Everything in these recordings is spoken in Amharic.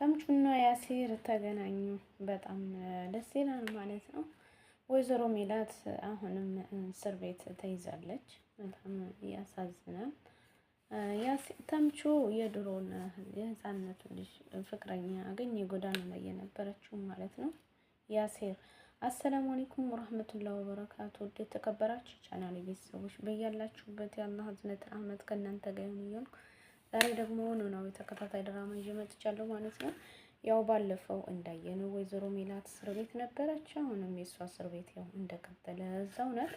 ተምቹና ያሲር ተገናኙ። በጣም ደስ ይላል ማለት ነው። ወይዘሮ ሜላት አሁንም እስር ቤት ተይዛለች። በጣም ያሳዝናል። ተምቹ የድሮን የህፃነቱ ልጅ ፍቅረኛ አገኘ። ጎዳና ላይ የነበረችው ማለት ነው። ያሴር አሰላሙ አለይኩም ወራህመቱላሂ ወበረካቱ። ውድ የተከበራችሁ ቻናል ቤተሰቦች በያላችሁበት የአላህ ህዝነት ረህመት ከእናንተ ጋር ይሁን እያልኩ ዛሬ ደግሞ ኖላዊ ተከታታይ ድራማ ይዤ መጥቻለሁ ማለት ነው። ያው ባለፈው እንዳየነው ወይዘሮ ሜላት እስር ቤት ነበረች። አሁንም የእሷ እስር ቤት ያው እንደቀጠለ እዛው ናት።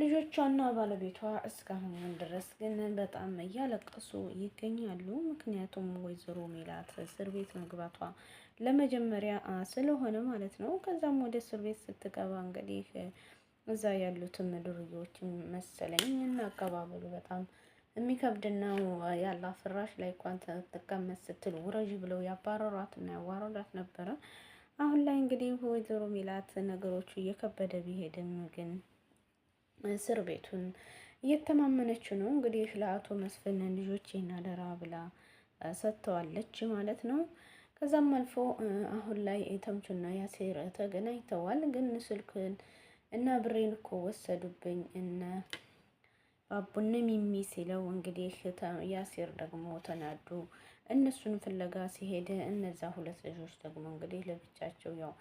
ልጆቿና ባለቤቷ እስካሁን ድረስ ግን በጣም እያለቀሱ ይገኛሉ። ምክንያቱም ወይዘሮ ሜላት እስር ቤት መግባቷ ለመጀመሪያ ስለሆነ ማለት ነው። ከዛም ወደ እስር ቤት ስትገባ እንግዲህ እዛ ያሉትም ዱርዬዎችም መሰለኝ እና አቀባበሉ በጣም የሚከብድነው ያላ ፍራሽ ላይ እንኳን ተቀመጥ ስትል ውረዥ ብለው ያባረሯት እና ያዋረዷት ነበረ። አሁን ላይ እንግዲህ ወይዘሮ ሚላት ነገሮቹ እየከበደ ቢሄድም ግን እስር ቤቱን እየተማመነች ነው። እንግዲህ ለአቶ መስፍን ልጆች አደራ ብላ ሰጥተዋለች ማለት ነው። ከዛም አልፎ አሁን ላይ ተምቹና ያሴር ተገናኝተዋል። ግን ስልክን እና ብሬን እኮ ወሰዱብኝ እና አቡነ ሚሚ ሲለው እንግዲህ ያሲር ደግሞ ተናዱ። እነሱን ፍለጋ ሲሄድ እነዛ ሁለት ልጆች ደግሞ እንግዲህ ለብቻቸው ያው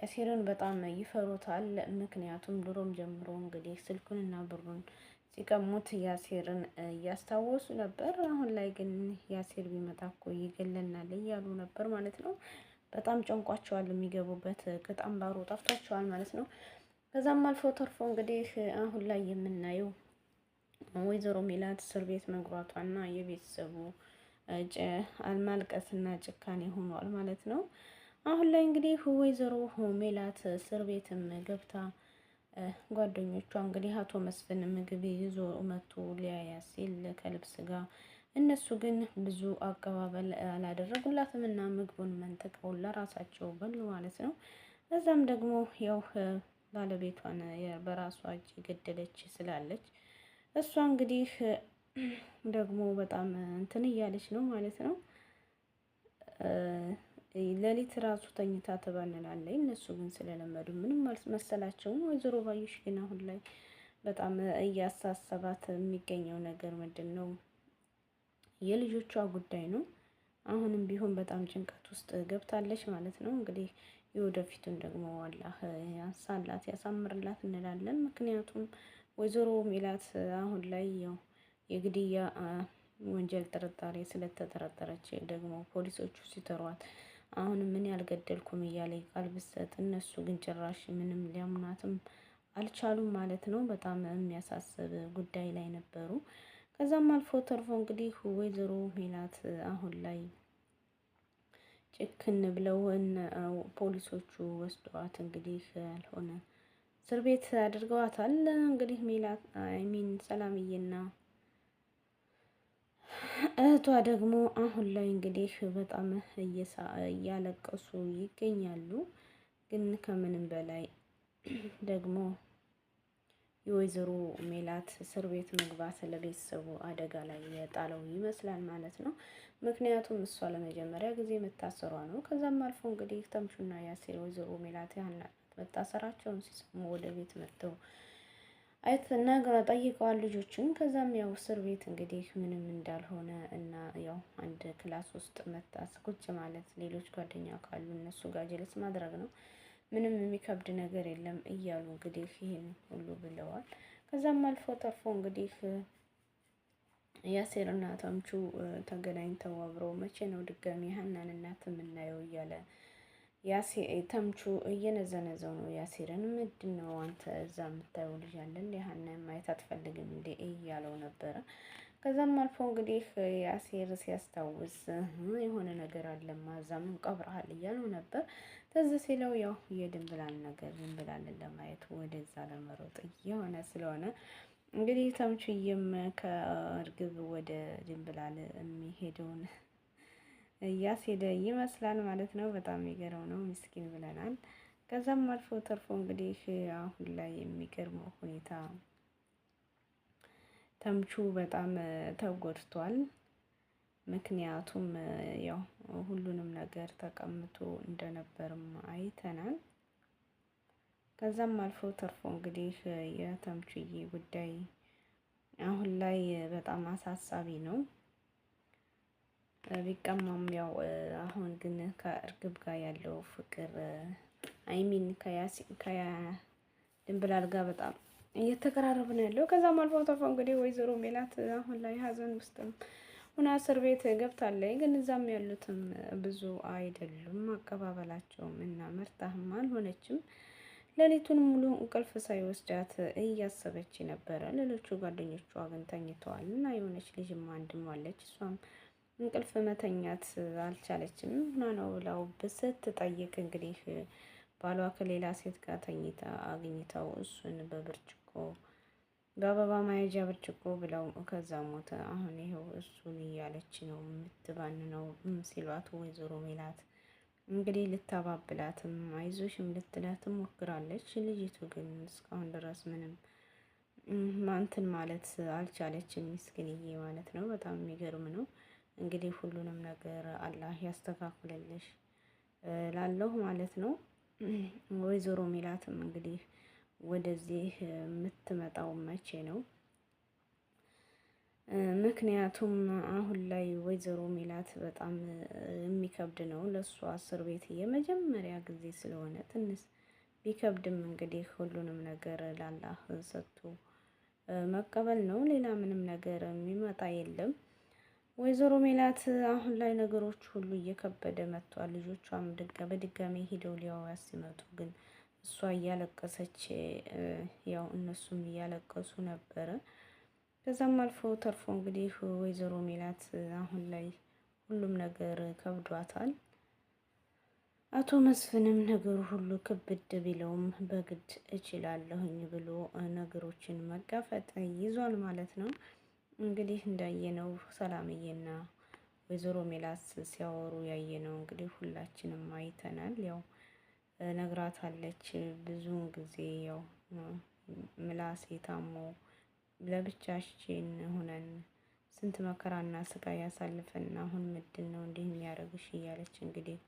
ያሲርን በጣም ይፈሩታል። ምክንያቱም ድሮም ጀምሮ እንግዲህ ስልኩንና ብሩን ሲቀሙት ያሲርን እያስታወሱ ነበር። አሁን ላይ ግን ያሲር ቢመጣ እኮ ይገለናል እያሉ ነበር ማለት ነው። በጣም ጨንቋቸዋል። የሚገቡበት ቅጥ አምባሩ ጠፍቷቸዋል ማለት ነው። ከዛም አልፎ ተርፎ እንግዲህ አሁን ላይ የምናየው ወይዘሮ ሚላት እስር ቤት መግባቷና የቤተሰቡ አልማልቀስና ጭካኔ ሆኗል ማለት ነው። አሁን ላይ እንግዲህ ወይዘሮ ሜላት እስር ቤትም ገብታ ጓደኞቿ እንግዲህ አቶ መስፍን ምግብ ይዞ መቶ ሊያያ ሲል ከልብስ ጋር እነሱ ግን ብዙ አቀባበል አላደረጉላትም እና ምግቡን መንጥቀው ለራሳቸው በሉ ማለት ነው። እዛም ደግሞ ያው ባለቤቷን በራሷ እጅ ገደለች ስላለች እሷ እንግዲህ ደግሞ በጣም እንትን እያለች ነው ማለት ነው። ሌሊት ራሱ ተኝታ ትባንናለች። እነሱ ግን ስለለመዱ ምንም መሰላቸውም። ወይዘሮ ባዩሽ ግን አሁን ላይ በጣም እያሳሰባት የሚገኘው ነገር ምንድን ነው? የልጆቿ ጉዳይ ነው። አሁንም ቢሆን በጣም ጭንቀት ውስጥ ገብታለች ማለት ነው። እንግዲህ የወደፊቱን ደግሞ አላህ ያንሳላት፣ ያሳምርላት እንላለን ምክንያቱም ወይዘሮ ሚላት አሁን ላይ ያው የግድያ ወንጀል ጥርጣሬ ስለተጠረጠረች ደግሞ ፖሊሶቹ ሲተሯት አሁን ምን ያልገደልኩም እያለ ቃል ብሰጥ እነሱ ግን ጭራሽ ምንም ሊያምናትም አልቻሉም ማለት ነው። በጣም የሚያሳስብ ጉዳይ ላይ ነበሩ። ከዛም አልፎ ተርፎ እንግዲህ ወይዘሮ ሚላት አሁን ላይ ጭክን ብለው ፖሊሶቹ ወስደዋት እንግዲህ ያልሆነ እስር ቤት አድርገዋታል። እንግዲህ ሜላት ሚን ሰላምዬና እህቷ ደግሞ አሁን ላይ እንግዲህ በጣም እያለቀሱ ይገኛሉ። ግን ከምንም በላይ ደግሞ የወይዘሮ ሜላት እስር ቤት መግባት ለቤተሰቡ አደጋ ላይ የጣለው ይመስላል ማለት ነው። ምክንያቱም እሷ ለመጀመሪያ ጊዜ መታሰሯ ነው። ከዛም አልፎ እንግዲህ ተምቹና ያሴር ወይዘሮ ሜላት ያህናት መታሰራቸውን ሲሰሙ ወደ ቤት መጥተው አይት ነግረ ጠይቀዋል ልጆችን። ከዛም ያው እስር ቤት እንግዲህ ምንም እንዳልሆነ እና ያው አንድ ክላስ ውስጥ መታስ ቁጭ ማለት ሌሎች ጓደኛ ካሉ እነሱ ጋር ጀለስ ማድረግ ነው ምንም የሚከብድ ነገር የለም እያሉ እንግዲህ ይህን ሁሉ ብለዋል። ከዛም አልፎ ተርፎ እንግዲህ ያሴር እና ተምቹ ተገናኝተው አብረው መቼ ነው ድጋሚ ሀናን እናት የምናየው እያለ ተምቹ እየነዘነዘው ነው ያሲርን። ምንድን ነው አንተ እዛ የምታየው ልጅ ያለን ያህና ማየት አትፈልግም እንዴ እያለው ነበረ። ከዛም አልፎ እንግዲህ ያሲር ሲያስታውስ የሆነ ነገር አለማ እዛም ቀብረሃል እያለው ነበር። ተዝ ሲለው ያው የድንብላል ነገር ድንብላልን ለማየት ወደዛ ለመሮጥ እየሆነ ስለሆነ እንግዲህ ተምቹ እየም ከእርግብ ወደ ድንብላል የሚሄደውን እያስሄደ ይመስላል ማለት ነው። በጣም የሚገርም ነው። ምስኪን ብለናል። ከዛም አልፎ ተርፎ እንግዲህ አሁን ላይ የሚገርመው ሁኔታ ተምቹ በጣም ተጎድቷል። ምክንያቱም ያው ሁሉንም ነገር ተቀምቶ እንደነበርም አይተናል። ከዛም አልፎ ተርፎ እንግዲህ የተምቹዬ ጉዳይ አሁን ላይ በጣም አሳሳቢ ነው። ቢቀማም ያው አሁን ግን ከእርግብ ጋር ያለው ፍቅር አይሚን ከድንብላል ጋር በጣም እየተቀራረብ ነው ያለው። ከዛም አልፎ ተርፎ እንግዲህ ወይዘሮ ሜላት አሁን ላይ ሀዘን ውስጥም ሁና እስር ቤት ገብታለች። ግን እዛም ያሉትም ብዙ አይደሉም። አቀባበላቸውም እና መርታህም አልሆነችም። ሌሊቱን ሙሉ እንቅልፍ ሳይወስዳት እያሰበች ነበረ። ሌሎቹ ጓደኞቿ ግን ተኝተዋል እና የሆነች ልጅም አንድም አለች እሷም እንቅልፍ መተኛት አልቻለችም። ምና ነው ብላው ስትጠይቅ እንግዲህ ባሏ ከሌላ ሴት ጋር ተኝታ አግኝተው እሱን በብርጭቆ በአበባ መያዣ ብርጭቆ ብለው ከዛ ሞተ። አሁን ይኸው እሱን እያለች ነው የምትባን ነው ሲሏት ወይዘሮ ሜላት እንግዲህ ልታባብላትም አይዞሽም ልትላትም ሞክራለች። ልጅቱ ግን እስካሁን ድረስ ምንም ማንትን ማለት አልቻለችም። ምስኪንዬ ማለት ነው። በጣም የሚገርም ነው። እንግዲህ ሁሉንም ነገር አላህ ያስተካክልልሽ ላለሁ ማለት ነው። ወይዘሮ ሚላትም እንግዲህ ወደዚህ የምትመጣው መቼ ነው? ምክንያቱም አሁን ላይ ወይዘሮ ሚላት በጣም የሚከብድ ነው ለእሷ እስር ቤት የመጀመሪያ ጊዜ ስለሆነ ትንሽ ቢከብድም እንግዲህ ሁሉንም ነገር ላላህ ሰጥቶ መቀበል ነው። ሌላ ምንም ነገር የሚመጣ የለም። ወይዘሮ ሜላት አሁን ላይ ነገሮች ሁሉ እየከበደ መጥቷል። ልጆቿም በድጋሚ ሄደው ሊያዋያ ሲመጡ ግን እሷ እያለቀሰች ያው እነሱም እያለቀሱ ነበረ። ከዛም አልፎ ተርፎ እንግዲህ ወይዘሮ ሜላት አሁን ላይ ሁሉም ነገር ከብዷታል። አቶ መስፍንም ነገሩ ሁሉ ክብድ ቢለውም በግድ እችላለሁኝ ብሎ ነገሮችን መጋፈጥ ይዟል ማለት ነው። እንግዲህ እንዳየነው ሰላምዬና ወይዘሮ ሜላስ ሲያወሩ ያየነው እንግዲህ ሁላችንም አይተናል። ያው ነግራታለች። ብዙውን ጊዜ ያው ምላስ የታሞ ለብቻችን ሆነን ስንት መከራና ስቃይ ያሳልፈን አሁን ምድን ነው እንዲህ የሚያደርግሽ እያለች እንግዲህ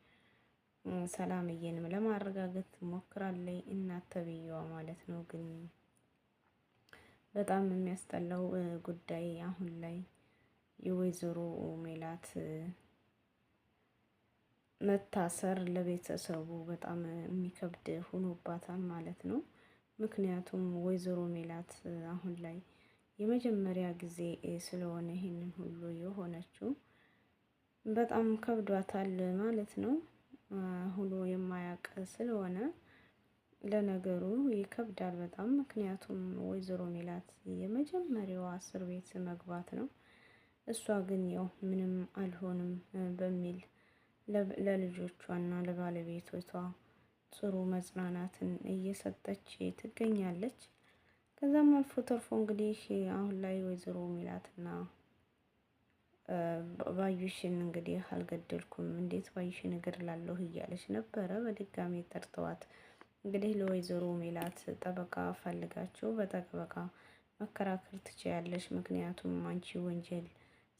ሰላምዬንም ለማረጋገጥ ሞክራለች። እናት ተብዬዋ ማለት ነው ግን በጣም የሚያስጠላው ጉዳይ አሁን ላይ የወይዘሮ ሜላት መታሰር ለቤተሰቡ በጣም የሚከብድ ሆኖባታል ማለት ነው። ምክንያቱም ወይዘሮ ሜላት አሁን ላይ የመጀመሪያ ጊዜ ስለሆነ ይህንን ሁሉ የሆነችው በጣም ከብዷታል ማለት ነው። ሁሉ የማያውቅ ስለሆነ ለነገሩ ይከብዳል በጣም ምክንያቱም ወይዘሮ ሜላት የመጀመሪያው አስር ቤት መግባት ነው። እሷ ግን ያው ምንም አልሆንም በሚል ለልጆቿና ለባለቤቶቷ ጥሩ መጽናናትን እየሰጠች ትገኛለች። ከዛም አልፎ ተርፎ እንግዲህ አሁን ላይ ወይዘሮ ሜላትና ባዩሽን እንግዲህ አልገደልኩም፣ እንዴት ባዩሽን እገድላለሁ እያለች ነበረ። በድጋሚ ጠርተዋት እንግዲህ ለወይዘሮ ሜላት ጠበቃ ፈልጋችሁ በጠበቃ መከራከር ትችያለሽ። ምክንያቱም አንቺ ወንጀል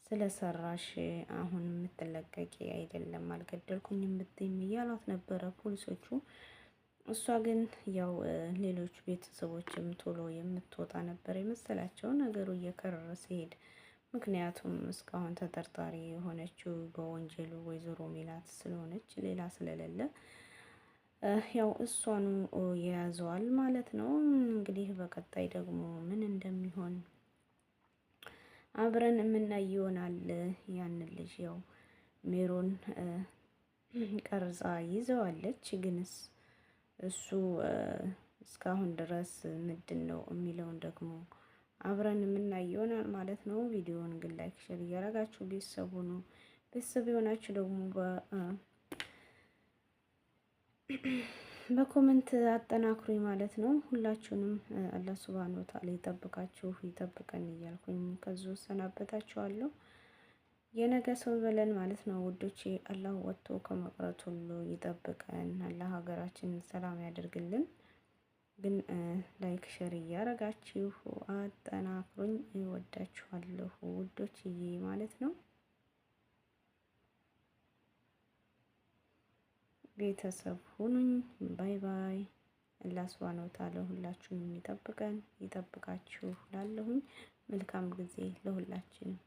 ስለሰራሽ አሁን የምትለቀቂ አይደለም፣ አልገደልኩኝ የምትይም እያሏት ነበረ ፖሊሶቹ። እሷ ግን ያው ሌሎች ቤተሰቦችም ቶሎ የምትወጣ ነበር የመሰላቸው ነገሩ እየከረረ ሲሄድ ምክንያቱም እስካሁን ተጠርጣሪ የሆነችው በወንጀሉ ወይዘሮ ሜላት ስለሆነች ሌላ ስለሌለ ያው እሷኑ የያዘዋል ማለት ነው። እንግዲህ በቀጣይ ደግሞ ምን እንደሚሆን አብረን የምናይ ይሆናል። ያንን ልጅ ያው ሜሮን ቀርጻ ይዘዋለች። ግንስ እሱ እስካሁን ድረስ ምንድን ነው የሚለውን ደግሞ አብረን የምናይ ይሆናል ማለት ነው። ቪዲዮውን ግን ላይክ፣ ሼር እያረጋችሁ ቤተሰቡ ነው ቤተሰብ የሆናችሁ ደግሞ በኮመንት አጠናክሩኝ ማለት ነው። ሁላችሁንም አላህ ሱብሃነ ወተዓላ ይጠብቃችሁ ይጠብቀን እያልኩኝ ከዚሁ ሰናበታችኋለሁ። የነገ ሰው በለን ማለት ነው ውዶቼ። አላህ ወጥቶ ከመቅረት ሁሉ ይጠብቀን። አላህ ሀገራችን ሰላም ያደርግልን። ግን ላይክ ሸር እያረጋችሁ አጠናክሩኝ። እወዳችኋለሁ ውዶችዬ ማለት ነው። ቤተሰብ ሁኑኝ። ባይ ባይ። አላህ ሱብሓነሁ ወተዓላ ሁላችሁንም ይጠብቀን ይጠብቃችሁ። ላለሁኝ መልካም ጊዜ ለሁላችንም